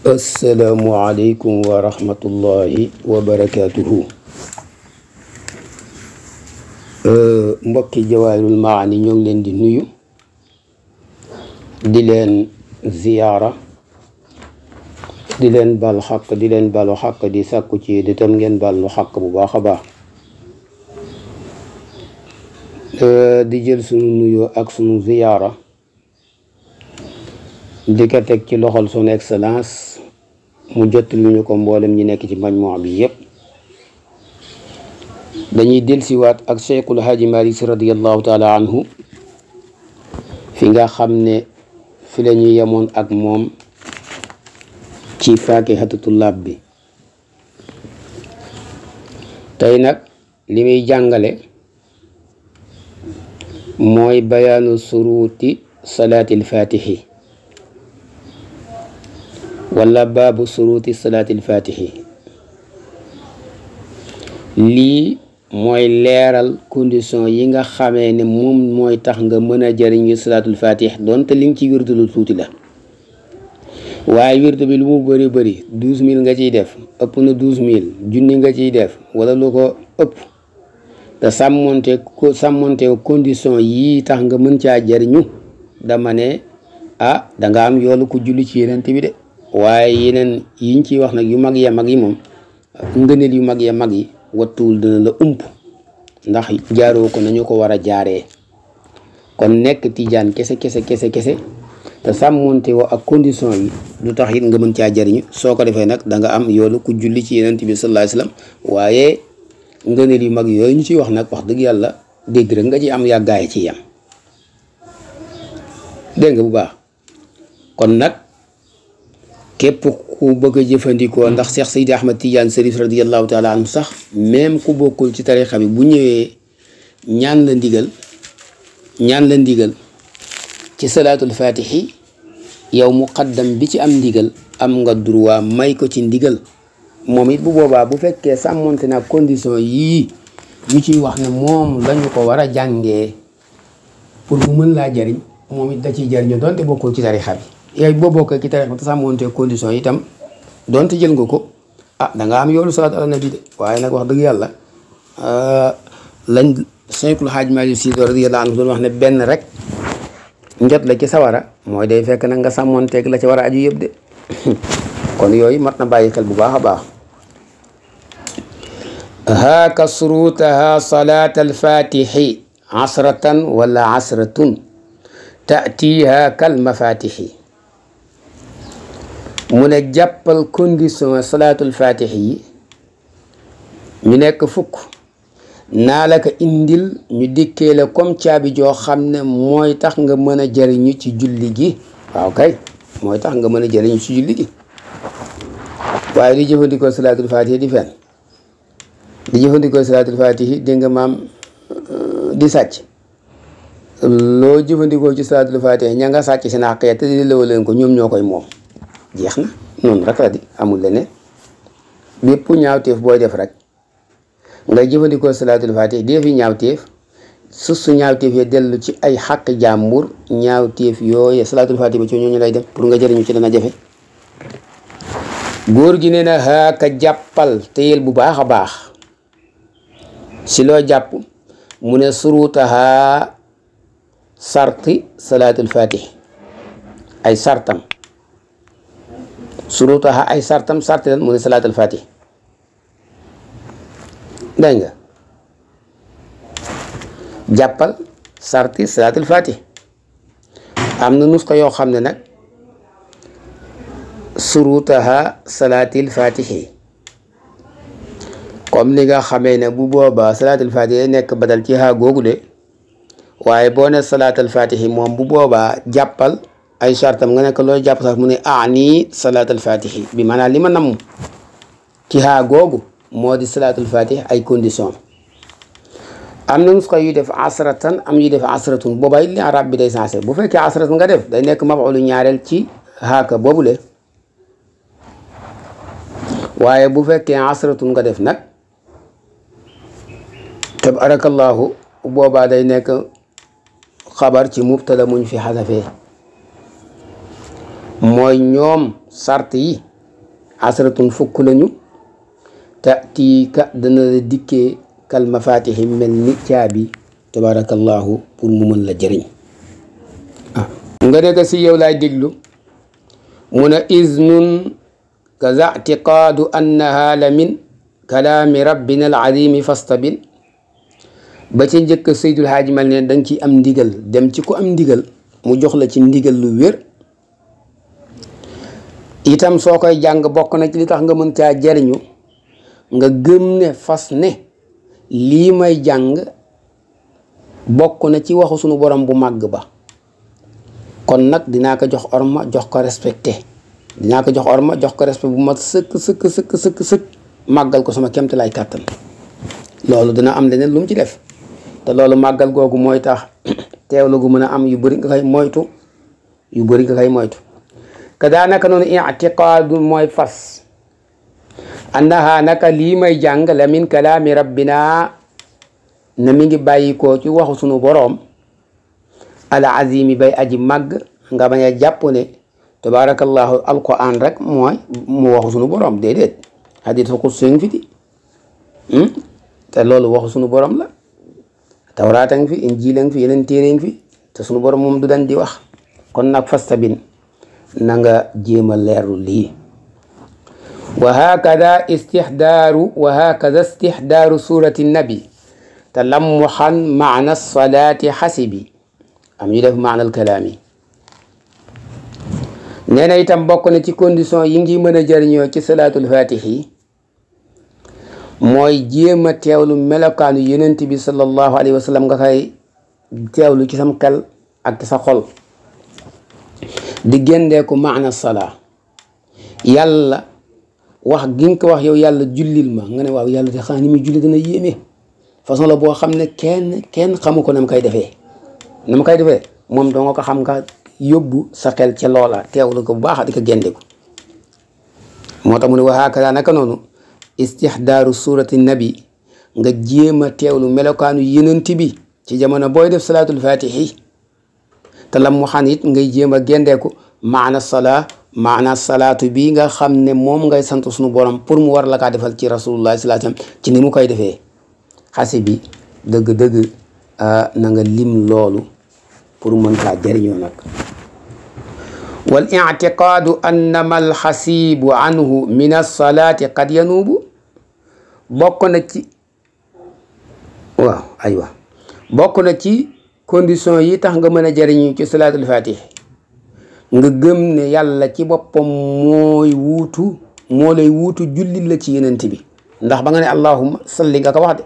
asalaamualeykum wa rahmatullahi wa barakaatuhu mbokki jawaahirul maani ñoo ngi leen di nuyu di leen ziyaara di leen baalu xàq di leen sàkku ci di tam ngeen baalu xàq bu baax a baax di jël sunu nuyoo ak sunu ziyaara di ko teg ci loxol son excellence mu jot li ñu ko mboolem ñu nekk ci majmuu bi yëpp dañuy delsiwaat ak Cheikhul Haaji Maalik Si radiyallahu taala anhu fi nga xam ne fi la ñu yemoon ak moom ci faakihatu tullaab bi tey nag li muy jàngale mooy bayaanu suruuti salaatil faatihi wala baabu suruuti salaatil faatixi lii mooy leeral condition yi nga xamee ne moom mooy tax nga mën a jëriñu salaatul faatix donte li nga ci wirdu lu tuuti la waaye wirdu bi lu mu bëri bari douze mille nga ciy def ëpp na douze mille junni nga ciy def wala lu ko ëpp te sàmmonte condition yi tax nga mën caa jariñu dama ne ah danga am yoolu ku julli ci yeneen bi de waaye yeneen yiñ ciy wax nag yu mag ya mag yi moom ngëneel yu mag ya mag yi wattuwul dina la ump ndax jaaroo ko nañu ko war a jaaree kon nekk tiijaan kese kese kese kese te sàmmonte ak condition yi du tax it nga mën caa jariñu soo ko defee nag danga nga am yoolu ku julli ci yenent bi sallallahu alayhi wasallam waaye ngëneel yu mag yooyu ñu ciy wax nag wax dëgg yàlla dégg nga ci am yàggaay ci yam dégg nga bu baax kon nag képp ku bëgg a jëfandikoo ndax Cheikh Seydi Ahmad Tidiane Serif radiallahu taala anhu sax même ku bokkul ci tarixa bi bu ñëwee ñaan la ndigal ñaan la ndigal ci salaatul fatihi yow muqaddam bi ci am ndigal am nga droit may ko ci ndigal moom it bu boobaa bu fekkee sàmmonte nag condition yii yu ciy wax ne moom lañu ko war a jàngee pour mu mën laa jariñ moom it da ciy jariñu donte bokkul ci tarixa bi yooyu boo bokkee ci tariixa te sàmmoonte condition yi itam donte jël nga ko ah danga am yoolu salaatu ala nabi de waaye nag wax dëgg yàlla ah, lañ Seexul Xaaj Maalik Si radiyallaahu anhu doon wax ne benn rek njot la ci sawara mooy day fekk nag nga sàmmoonteeg la ci war a aju yëpp kon yooyu mat na bàyyi xel bu baax a baax haa kasruutaha salaat alfaatixi asratan wala asratun taatiha kal mafaatixi mu ne jàppal condition salaatul fatix yi ñu nekk fukk naa la ko indil ñu dikkee la comme caabi joo xam ne mooy tax nga mën a jariñu ci julli gi waaw kay mooy tax nga mën a jëriñu ci julli gi waaye di jëfandikoo salaatul fatix di fenn di jëfandikoo salaatul fatix di nga maam euh, di sàcc loo jëfandikoo ci salaatul fatix ña nga sàcc seen àq ya te di lëwaleen ko ñoom ñoo koy moom jeex na noonu rek la di amul leneen bépp ñaawteef booy def rek nga jëfandikoo salaatul faatih dee fi ñaawteef su su ñaawteef ya dellu ci ay xàq jàmbur ñaawteef yooye salaatul faatih ba ci ñooñu lay def pour nga jëriñu ci dana jafe góor gi nee na xaaka jàppal téyel bu baax a baax si loo jàpp mu ne suruutaha sarti salaatul faatih ay sartam surutaha ay sartam sarti lan mu ne salaatal fatih dégg nga jàppal sarti salaatal fatih am na nusxa yoo xam ne nag surutaha salaatil fatihi comme ni nga xamee ne bu boobaa salaatal fatihi nekk badal ci haa googu de waaye boo ne salaatal fatihi moom bu boobaa jàppal ay sartam nga nekk looy jàpp sax mu ne ani salaatul fatihi bi maanaam li ma nam ci haa googu moo di salaatul fatihi ay condition am na nusxa yuy def asratan am yuy def asratun boobay li arab bi day sensé bu fekkee asratan nga def day nekk mafulu ñaareel ci haaka boobule waaye bu fekkee asratun nga def nag tabarakallahu boobaa day nekk xabar ci mubtada muñ fi xasafee mooy ñoom sart yi asratun fukk lañu te tii ka dana la dikkee kal mafatixi mel ni caabi tabarakallahu pour mu mën la jëriñ ah nga nekk si yow laay déglu mu ne iznun kaza atiqaadu annaha la min kalaami rabbina alazimi fastabil ba ci njëkk Seydul Haaji Mal ne da nga ci am ndigal dem ci ko am ndigal mu jox la ci ndigal lu wér itam soo koy jàng bokk na ci li tax nga mën caa jariñu nga gëm ne fas ne lii may jàng bokk na ci waxu sunu borom bu màgg ba kon nag dinaa ko jox orma jox ko respecte dinaa ko jox orma jox ko respect bu mat sëkk sëkk sëkk sëkk sëkk màggal ko sama kemti lay kàttan loolu dina am leneen lu ci def te loolu màggal googu mooy tax teewlu gu mën a am yu bari nga koy moytu yu bëri nga koy moytu ka daanaka noonu ictiqaadu mooy fas annaha naka lii may jàng la min kalaami rabbina na mi ngi bàyyi ci waxu sunu boroom al azimi bay aji màgg nga bañ a jàpp ne tabarakallahu alquran rek mooy mu waxu sunu borom déedéet hadiisul qudsi hmm? loolu waxu sunu borom la tawraata ngi fi injiila ngi fi yeneen téere fi te sunu borom moom du dan di wax kon nag fas tabin na jéema leeru lii wa hakada istixdaaru wa nabi talamuxan maana salaati xasibi am ñu def maana alkalaami nee na itam bokk na ci condition yi ngi mën a jëriñoo ci salaatul fatixi mooy jéem a teewlu melokaanu yonent bi sallallahu alayhi wa sallam nga koy teewlu ci sam xel ak ci sa xol di ko maana salaa yàlla wax gi ko wax yow yàlla jullil ma nga ne waaw yàlla de xanaa ni muy julli dana yéeme façon la boo xam ne kenn kenn xamu ko na mu koy defee na mu koy defee moom doo nga ko xam nga yóbbu sa xel ca loola teewlu ko bu baax di ko géndeeku moo tax mu ne wa hakada naka noonu istixdaaru surati nabi nga jéem a teewlu melokaanu yenent bi ci jamono booy def salaatul fatihi te lam mu xan it ngay jéem a géndeeku maana salaa maana salaatu bii nga xam ne moom ngay sant sunu borom pour mu war la ka defal ci rasulullah sallallahu ci ni mu koy defee xasi bi dëgg-dëgg ah, na nga lim loolu pour mën kaa jëriñoo nag wal ictiqaadu annama alxasibu anhu min alsalaati qad yanuubu bokk na ci waaw aywa bokk na ci condition yi tax nga mën a jariñu ci salaatul fatih nga gëm ne yàlla ci boppam mooy wuutu moo lay wuutu jullit la ci yenent bi ndax ba nga ne allahumma salli nga ko wax de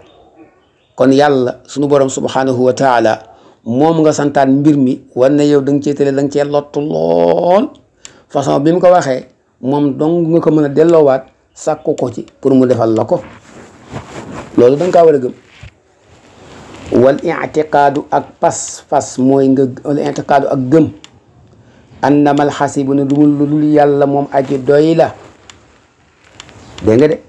kon yàlla sunu borom subhanahu wa taala moom nga santaan mbir mi wan na yow da cee tële da nga cee lottu lool façon bi mu ko waxee moom dong nga ko mën a delloowaat sakku ko ci pour mu defal la ko loolu da kaa war gëm wal itiqaadu ak pas-pas mooy nga wal itiqaadu ak gëm annamal xasibu ne du ma lu dul yàlla moom aji doy la dégg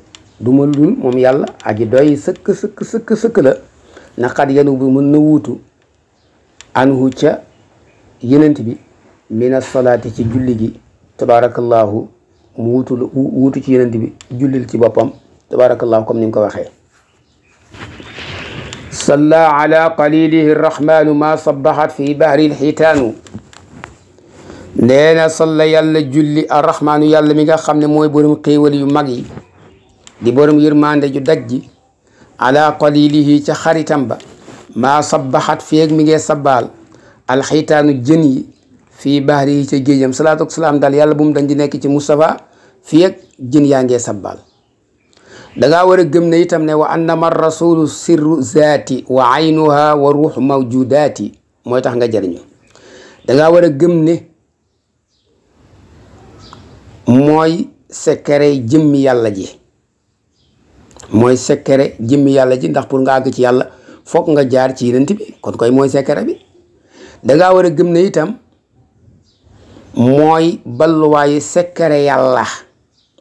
du ma lu dul moom yàlla aji doy sëkk sëkk sëkk sëkk la na xat yenu bi mën na wuutu anhu ca yenent bi mina salaati ci julli gi tabaarakallaahu mu wuutu wuutu ci yenent bi jullil ci boppam tabaarakallaahu comme ni nga ko waxee صلى على قليله الرحمن ما صبحت في بحر الحيتان nee na salla yàlla julli arrahmaanu yàlla mi nga xam ne mooy borom xéewal yu mag yi di borom yërmande ju daj ji ala qalilihi ca xaritam ba maa sabbaxat feeg mi ngee sabbaal alxiitaanu jën yi fii bahri yi ca géejam salaatu wasalaam daal yàlla bu mu dañ di nekk ci Moustapha feeg jën yaa ngee sabbaal dangaa war a gëm ne itam ne wa annama rasulu sirru zaati wa aynuha wa ruux mawjudaati mooy tax nga jëriñu dangaa war a gëm ne mooy secret jëmmi yàlla ji mooy secret jëmmi yàlla ji ndax pour nga àgg ci yàlla foog nga jaar ci yonent bi kon koy mooy secret bi dangaa war a gëm ne itam mooy balluwaayu secret yàlla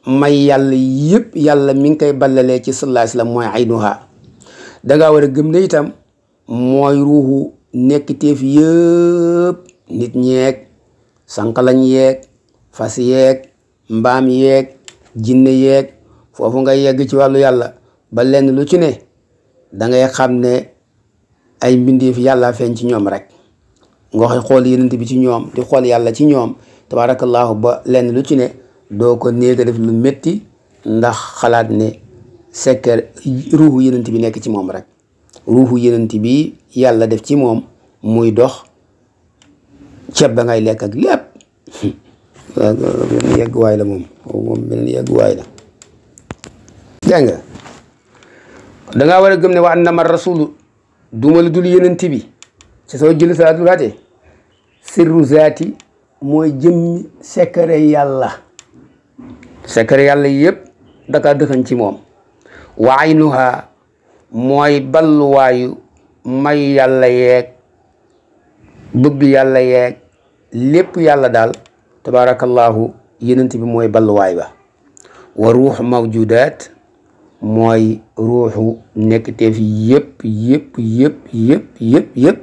may yàlla yëpp yàlla mi ngi koy ballalee ci sallallahu alayhi wasallam mooy aynuha dangaa war a gëm ne itam mooy ruuxu nekk teef yëpp nit ñeeg sànqalañ yeeg fas yeeg mbaam yeeg jinne yeeg foofu nga yegg ci wàllu yàlla ba lenn lu ci ne dangay xam ne ay mbindeef yàlla feeñ ci ñoom rek nga xool yenent bi ci ñoom di xool yàlla ci ñoom tabarakallahu ba lenn lu ci ne doo ko néel te def lu métti ndax xalaat ne sekkar ruuxu yenent bi nekk ci moom rek ruuxu yenent bi yàlla def ci moom muy dox ceeb ba ngay lekk ak lépp benn yegguwaay la moom moom benn yegguwaay la war a gëm ne wa annama rasulu duma lu dul yenent bi ci soo jëli salaatul faate sirru zaati mooy jëmmi sekkare yàlla secret yàlla yëpp daka dëkkan ci moom wa aynuha mooy balluwaayu may yàlla yeeg bëgg yàlla yeeg lépp yàlla daal tabaarakallaahu yenent bi mooy balluwaay ba wa ruux mawjudaat mooy ruuxu nekkteef yëpp yëpp yëpp yëpp yëpp yëpp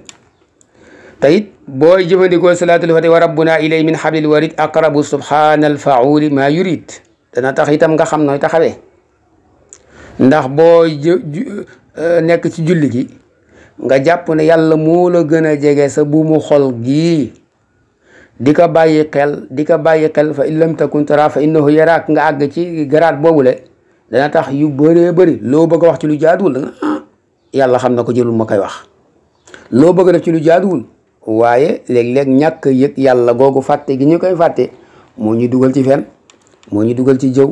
tayit booy jëfandikoo salaatul fatih wa rabbuna ilay min hablil warid aqrabu subhaana alfauli maa yurid dana tax itam nga xam nooy taxawee ndax boo euh, nekk ci julli gi nga jàpp ne yàlla moo la gën a jege sa buumu xol gii di ko bàyyi xel di ko bàyyi xel fa in lam takun fa innahu yaraak nga àgg ci garaat boobule dana tax yu bëree bëri loo bëgg a wax ci lu jaaduwul ah, yàlla xam na ko jëluma ma koy wax loo bëgg a def ci lu jaaduwul waaye léeg-léeg ñàkk yëg yàlla googu fàtte gi ñu koy fàtte moo ñu dugal ci fen moo ñuy dugal ci jëw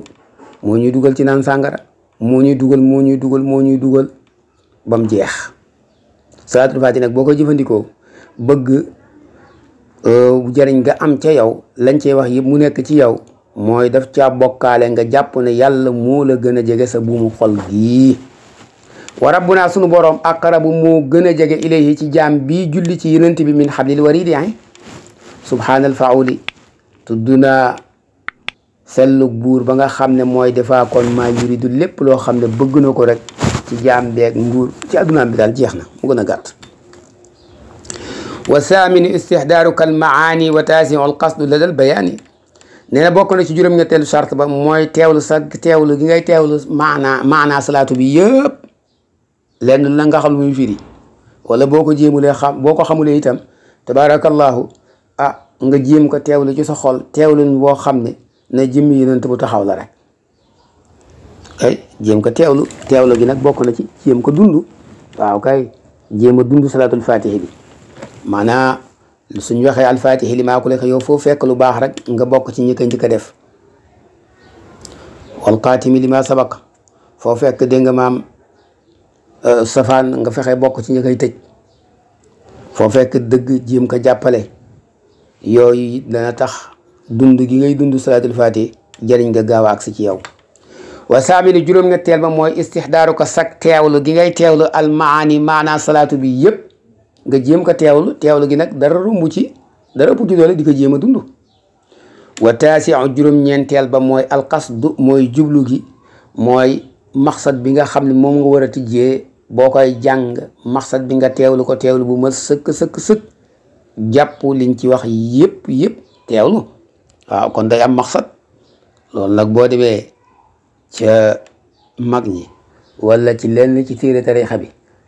moo ñuy dugal ci naan sàngara moo ñuy dugal moo ñuy dugal moo ñuy dugal ba mu jeex salaatul faati nag boo ko jëfandikoo bëgg euh, jariñ nga am ca yow lañ cey wax yëpp mu nekk ci yow mooy def caa bokkaale nga jàpp ne yàlla moo la gën a jege sa buumu xol gii wa rabbuna sunu borom aqrabu moo gën a jege ilayhi ci jaam bii julli ci yonent bi min hablil waridi subhaanal fauli tudd naa sellu buur ba nga xam ne mooy defaa kon maa yuridu lépp loo xam ne bëgg na ko rek ci jaam beeg nguur ci addunaam bi daal jeex na mu gën a gàtt wa saaminu istixdaaru ka maani wa taasiu al qasdu la dal bayaani nee na bokk na ci juróom-ñetteelu charte ba mooy teewlu sa teewlu gi ngay teewlu maanaa maanaa salaatu bi yëpp lenn la nga xam lu muy firi wala boo ko jéemulee xam boo ko xamulee itam tabaarakallaahu ah nga jéem ko teewlu ci sa xol teewlun boo xam ne ne jëmm yonent bu taxaw la rek ay jéem ko teewlu teewlu gi nag bokk na ci jéem ko dund waaw kay jéem a dund salaatul fatihi bi maanaa suñ waxee alfaat li maa ko lekk yow foo fekk lu baax rek nga bokk ci ñi ko njëkk def wal qaatimi li foo fekk dégg nga euh, safaan nga fexe bokk ci ñi koy tëj foo fekk dëgg jéem ko jàppale yooyu dana tax dund gi ngay dund salaatul faati jëriñ nga gaaw a ci yow wa saamili juróom-ñetteel ba mooy istixdaaru ko sag teewlu gi ngay teewlu almaani maanaa salaatu bi yëpp nga jéem ko teewlu teewlu gi nag dara rumb ci dara ëpp doole di ka jéem a dund wa taasiu juróom-ñeenteel ba mooy alqasdu mooy jublu gi mooy maxsad bi nga xam ne moom nga war a tijjee boo koy jàng maxsad bi nga teewlu ko teewlu bu ma sëkk sëkk sëkk jàpp ci wax yëpp yëpp teewlu waaw kon day am maqsad loolu nag boo demee ca mag ñi wala ci lenn ci téere tarixa bi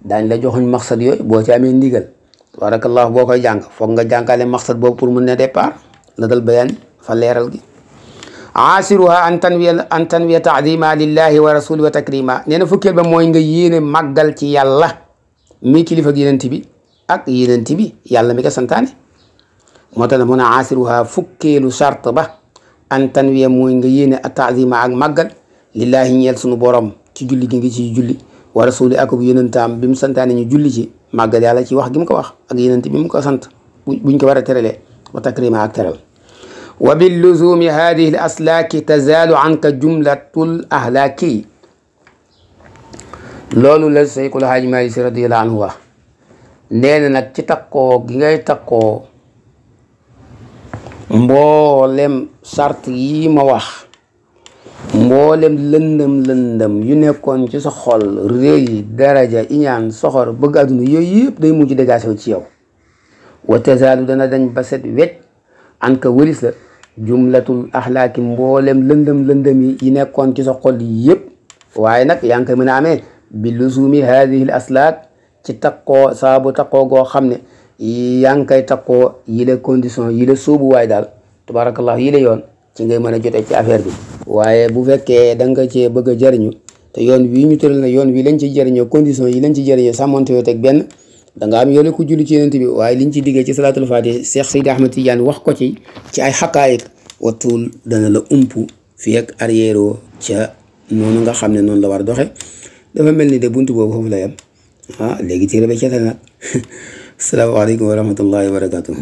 daañ la joxuñ maqsad yooyu boo ci amee ndigal tabarakallah boo koy jàng foog nga jàngaale maqsad boobu pour mun ne départ la dal bayaan fa leeral gi aasiruha an tanwiya an tanwiya taadima lillahi wa rasuli wa takrima nee na fukkeel ba mooy nga yéene màggal ci yàlla mi kilifa ak yonent bi ak yonent bi yàlla mi ko santaane moo tax mun a asiruha fukkeelu charte ba an tanwiya mooy nga yéene a taazima ak màggal lillaahi ñeel borom ci julli gi ngi ci julli wa rasuli ak yonentaam bi mu santaane ñu julli ci màggal yàlla ci wax gi mu ko wax ak yonent bi mu ko sant buñ ko war a teralee wa takrima ak teral wa bi luzumi hadihi l aslaaki tazaalu anka jumlatul ahlaaki loolu la Seykul Haaji Maalik Si radiyallaahu anhu wax nag ci takkoo gi ngay takkoo mboolem sart yi ma wax mboolem lëndëm lëndëm yu nekkoon ci sa xol réy daraja iñaan soxor bëgg àdduna yooyu yëpp day mujj dégagé ci yow wa tazaalu dana dañ ba set wecc an ka wëris la jumlatul axlaaki mboolem lëndëm lëndëm yi nekkoon ci sa xol yëpp waaye nag yaa ngi koy mën a amee bi lusuumi aslaat ci takkoo saabu takkoo goo xam ne yaa ngi koy takkoo yile condition yile waaye daal tabarakallah yile yoon ci ngay mën a jotee ci affaire bi waaye bu fekkee da nga cee bëgg a te yoon wii ñu tëral na yoon wi lañ ci jëriñoo condition yi lañ ci jëriñoo sàmmante yoo teg benn da nga am yoole ku julli ci yonent bi waaye liñ ci diggee ci salaatul faatihi Cheikh Seydi Ahmad Tidiane wax ko ci ci ay xaqaayiq wattul dana la ump fii ak ci ca noonu nga xam ne noonu la war a doxe dafa mel ni de buntu boobu foofu la yem ah, léegi ci rëbe cetal salaamaaleykum wa rahmatullahi wa barakatuh